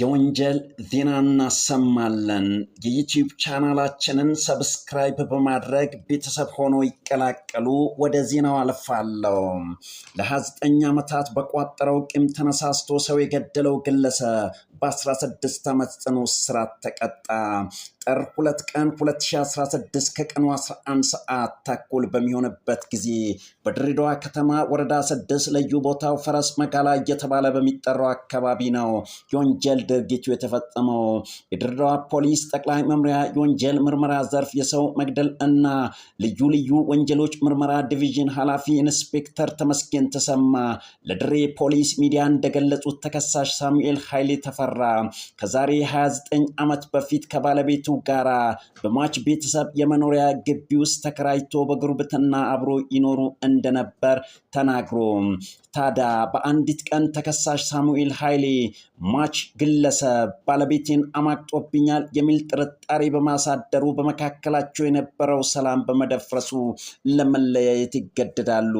የወንጀል ዜና እናሰማለን። የዩቲዩብ ቻናላችንን ሰብስክራይብ በማድረግ ቤተሰብ ሆኖ ይቀላቀሉ። ወደ ዜናው አልፋለሁ። ለ29 ዓመታት በቋጠረው ቂም ተነሳስቶ ሰው የገደለው ግለሰብ በ16 ዓመት ጽኑ እስራት ተቀጣ። ጥር ሁለት ቀን 2016 ከቀኑ 11 ሰዓት ተኩል በሚሆንበት ጊዜ በድሬዳዋ ከተማ ወረዳ 6 ልዩ ቦታው ፈረስ መጋላ እየተባለ በሚጠራው አካባቢ ነው የወንጀል ድርጊቱ የተፈጸመው። የድሬዳዋ ፖሊስ ጠቅላይ መምሪያ የወንጀል ምርመራ ዘርፍ የሰው መግደል እና ልዩ ልዩ ወንጀሎች ምርመራ ዲቪዥን ኃላፊ ኢንስፔክተር ተመስገን ተሰማ ለድሬ ፖሊስ ሚዲያ እንደገለጹት ተከሳሽ ሳሙኤል ኃይሌ ተፈራ ተጠራ። ከዛሬ 29 ዓመት በፊት ከባለቤቱ ጋራ በሟች ቤተሰብ የመኖሪያ ግቢ ውስጥ ተከራይቶ በጉርብትና አብሮ ይኖሩ እንደነበር ተናግሮ ታዲያ በአንዲት ቀን ተከሳሽ ሳሙኤል ኃይሌ ማች ግለሰብ ባለቤቴን አማጦብኛል የሚል ጥርጣሬ በማሳደሩ በመካከላቸው የነበረው ሰላም በመደፍረሱ ለመለያየት ይገደዳሉ።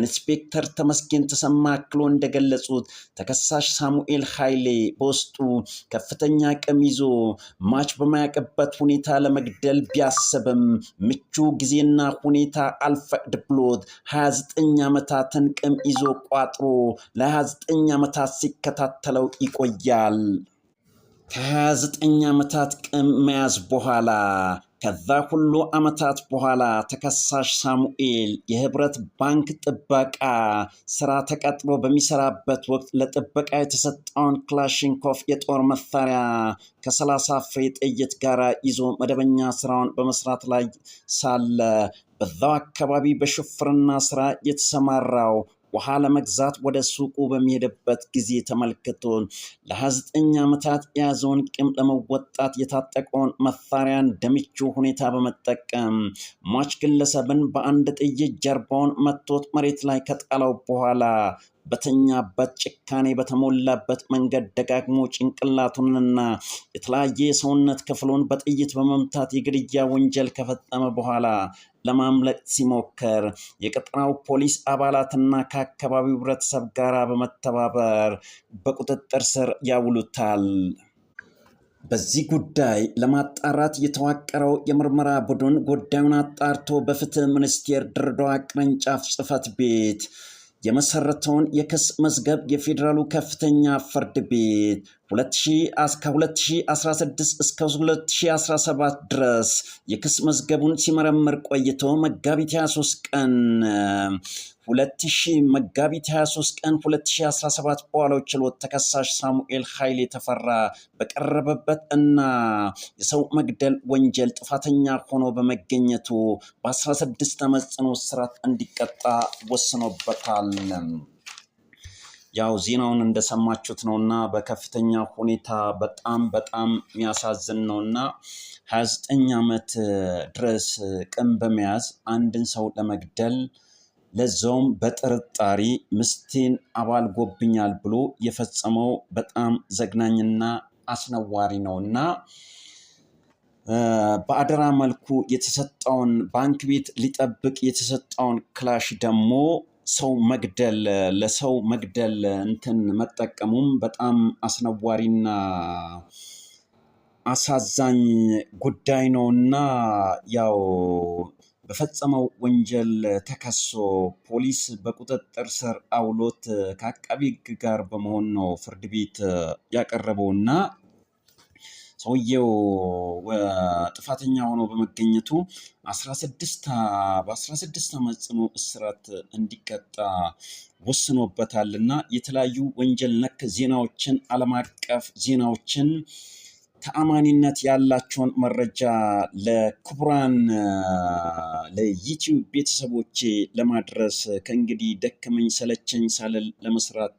ኢንስፔክተር ተመስገን ተሰማ አክሎ እንደገለጹት ተከሳሽ ሳሙኤል ኃይሌ በውስጡ ከፍተኛ አቅም ይዞ ማች በማያውቅበት ሁኔታ ለመግደል ቢያስብም ምቹ ጊዜና ሁኔታ አልፈቅድ ብሎት 29 ዓመታትን ቅም ይዞ ተቋጥሮ ለ29 ዓመታት ሲከታተለው ይቆያል። ከ29 ዓመታት ቅም መያዝ በኋላ ከዛ ሁሉ ዓመታት በኋላ ተከሳሽ ሳሙኤል የህብረት ባንክ ጥበቃ ስራ ተቀጥሮ በሚሰራበት ወቅት ለጥበቃ የተሰጠውን ክላሽንኮፍ የጦር መሳሪያ ከሰላሳ ፍሬ ጥይት ጋር ይዞ መደበኛ ስራውን በመስራት ላይ ሳለ በዛው አካባቢ በሹፍርና ስራ የተሰማራው ውሃ ለመግዛት ወደ ሱቁ በሚሄድበት ጊዜ ተመልክቶ ለ29 ዓመታት የያዘውን ቂም ለመወጣት የታጠቀውን መሳሪያን እንደምቹ ሁኔታ በመጠቀም ሟች ግለሰብን በአንድ ጥይት ጀርባውን መቶት መሬት ላይ ከጣለው በኋላ በተኛበት ጭካኔ በተሞላበት መንገድ ደጋግሞ ጭንቅላቱንና የተለያየ የሰውነት ክፍሉን በጥይት በመምታት የግድያ ወንጀል ከፈጸመ በኋላ ለማምለጥ ሲሞክር የቀጠናው ፖሊስ አባላትና ከአካባቢው ህብረተሰብ ጋር በመተባበር በቁጥጥር ስር ያውሉታል። በዚህ ጉዳይ ለማጣራት የተዋቀረው የምርመራ ቡድን ጉዳዩን አጣርቶ በፍትህ ሚኒስቴር ድሬዳዋ ቅርንጫፍ ጽፈት ቤት የመሰረተውን የክስ መዝገብ የፌዴራሉ ከፍተኛ ፍርድ ቤት ከ2016 እስከ 2017 ድረስ የክስ መዝገቡን ሲመረምር ቆይቶ መጋቢት 23 ቀን 2000 መጋቢት 23 ቀን 2017 በዋለው ችሎት ተከሳሽ ሳሙኤል ኃይል የተፈራ በቀረበበት እና የሰው መግደል ወንጀል ጥፋተኛ ሆኖ በመገኘቱ በ16 ዓመት ጽኑ እስራት እንዲቀጣ ወስኖበታል። ያው ዜናውን እንደሰማችሁት ነውና በከፍተኛ ሁኔታ በጣም በጣም የሚያሳዝን ነውና ሀያ ዘጠኝ ዓመት ድረስ ቅም በመያዝ አንድን ሰው ለመግደል ለዛውም በጥርጣሪ ምስቴን አባል ጎብኛል ብሎ የፈጸመው በጣም ዘግናኝና አስነዋሪ ነውና በአደራ መልኩ የተሰጠውን ባንክ ቤት ሊጠብቅ የተሰጠውን ክላሽ ደግሞ ሰው መግደል ለሰው መግደል እንትን መጠቀሙም በጣም አስነዋሪና አሳዛኝ ጉዳይ ነው እና ያው በፈጸመው ወንጀል ተከሶ ፖሊስ በቁጥጥር ስር አውሎት ከአቃቢ ሕግ ጋር በመሆን ነው ፍርድ ቤት ያቀረበው እና ሰውየው ጥፋተኛ ሆኖ በመገኘቱ በአስራ ስድስት ዓመት ጽኑ እስራት እንዲቀጣ ወስኖበታል እና የተለያዩ ወንጀል ነክ ዜናዎችን ዓለም አቀፍ ዜናዎችን ተአማኒነት ያላቸውን መረጃ ለክቡራን ለዩቲዩብ ቤተሰቦቼ ለማድረስ ከእንግዲህ ደከመኝ ሰለቸኝ ሳልል ለመስራት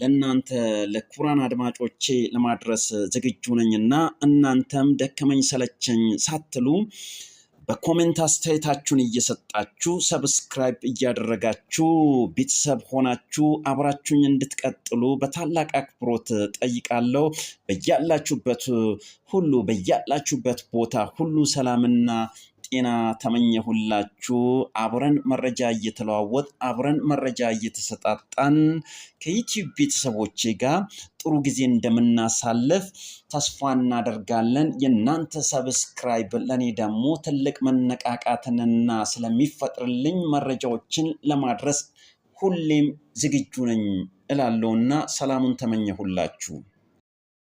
ለእናንተ ለኩራን አድማጮቼ ለማድረስ ዝግጁ ነኝና እናንተም ደከመኝ ሰለቸኝ ሳትሉ በኮሜንት አስተያየታችሁን እየሰጣችሁ ሰብስክራይብ እያደረጋችሁ ቤተሰብ ሆናችሁ አብራችሁኝ እንድትቀጥሉ በታላቅ አክብሮት ጠይቃለሁ። በያላችሁበት ሁሉ በያላችሁበት ቦታ ሁሉ ሰላምና ጤና ተመኘሁላችሁ። አብረን መረጃ እየተለዋወጥ አብረን መረጃ እየተሰጣጣን ከዩቲዩብ ቤተሰቦቼ ጋር ጥሩ ጊዜ እንደምናሳልፍ ተስፋ እናደርጋለን። የእናንተ ሰብስክራይብ ለእኔ ደግሞ ትልቅ መነቃቃትንና ስለሚፈጥርልኝ መረጃዎችን ለማድረስ ሁሌም ዝግጁ ነኝ እላለሁና ሰላሙን ተመኘሁላችሁ።